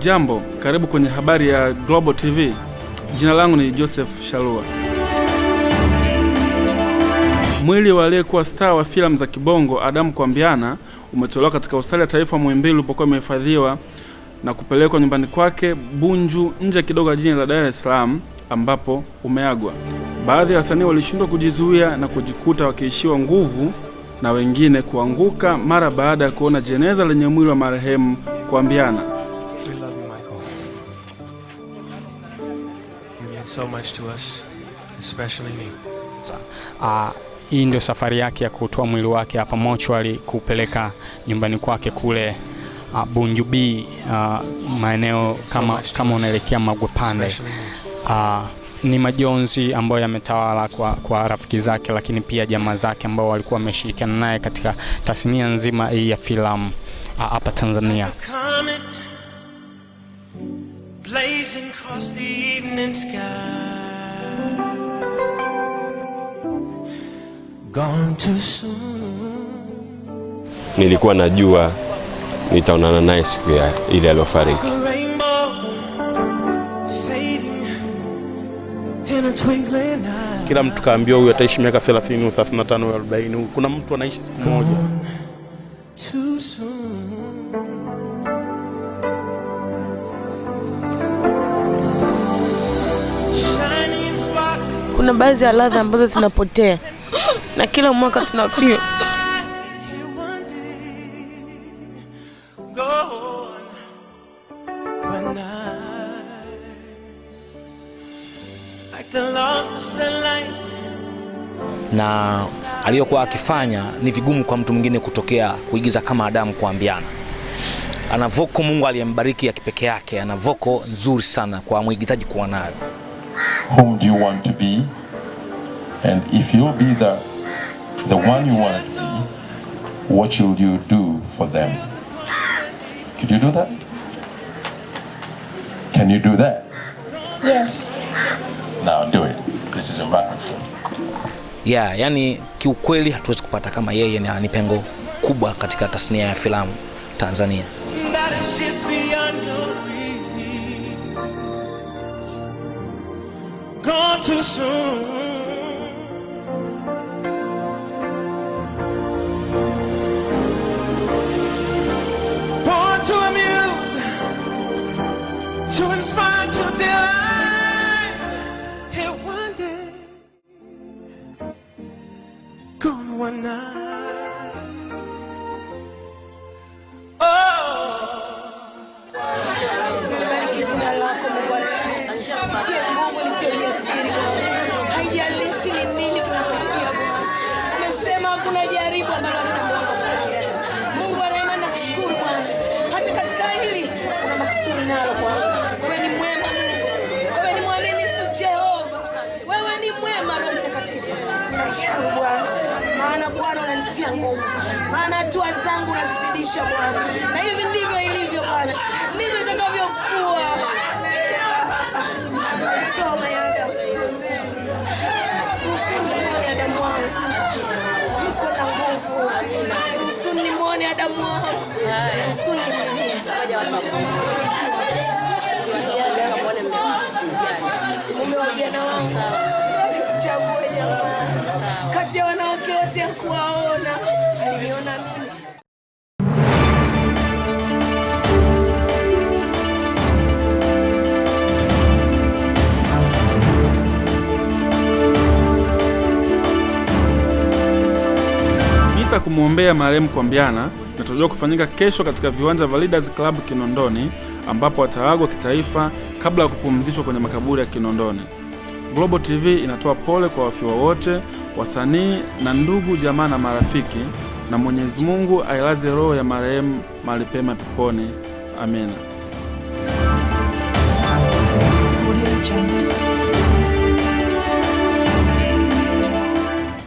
Hujambo, karibu kwenye habari ya Global TV. Jina langu ni Joseph Shalua. Mwili wa aliyekuwa star wa filamu za kibongo Adamu Kwambiana umetolewa katika hospitali ya taifa Muhimbili ulipokuwa imehifadhiwa na kupelekwa nyumbani kwake Bunju, nje kidogo ya jiji la Dar es Salaam, ambapo umeagwa. Baadhi ya wasanii walishindwa kujizuia na kujikuta wakiishiwa nguvu na wengine kuanguka mara baada ya kuona jeneza lenye mwili wa marehemu Kwambiana. so much to us, especially me. Uh, hii ndio safari yake ya kutoa mwili wake hapa mochwali kuupeleka nyumbani kwake kule uh, ah, Bunjubi uh, ah, maeneo kama, so kama unaelekea Magwepande ni majonzi ambayo yametawala kwa, kwa rafiki zake lakini pia jamaa zake ambao walikuwa wameshirikiana naye katika tasnia nzima hii ya filamu hapa Tanzania blazing across the evening sky. Gone too soon. Nilikuwa najua nitaonana naye siku ya ile aliyofariki. Kila mtu kaambiwa huyu ataishi miaka 30, 35, 40. Kuna mtu anaishi siku moja. kuna baadhi ya ladha ambazo zinapotea na kila mwaka tunafia. na aliyokuwa akifanya ni vigumu kwa mtu mwingine kutokea kuigiza kama Adamu kuambiana. Ana voko Mungu aliyembariki ya kipekee yake, ana voko nzuri sana kwa mwigizaji kuwa nayo. Whom do you want to be? And if you'll be the, the one you want to be, what should you do for them? Could you do that? Can you do that? Yes. Now do it. This is a microphone. Yeah, yani kiukweli hatuwezi kupata kama yeye ni pengo kubwa katika tasnia ya filamu Tanzania. Gone too soon. to inspire to delight. Here one day, gone one night. Mungu, maana hatua zangu nazizidisha Bwana, na hivi ndivyo ilivyo Bwana, ndivyo itakavyokuwa. na mume wa ujana wangu, jamaa kati ya wanawake wote kuwaoa kumwombea marehemu Kwambyana inatarajiwa kufanyika kesho katika viwanja vya Leaders Club Kinondoni, ambapo ataagwa kitaifa kabla ya kupumzishwa kwenye makaburi ya Kinondoni. Global TV inatoa pole kwa wafiwa wote, wasanii na ndugu jamaa na marafiki, na Mwenyezi Mungu ailaze roho ya marehemu mahali pema peponi. Amina.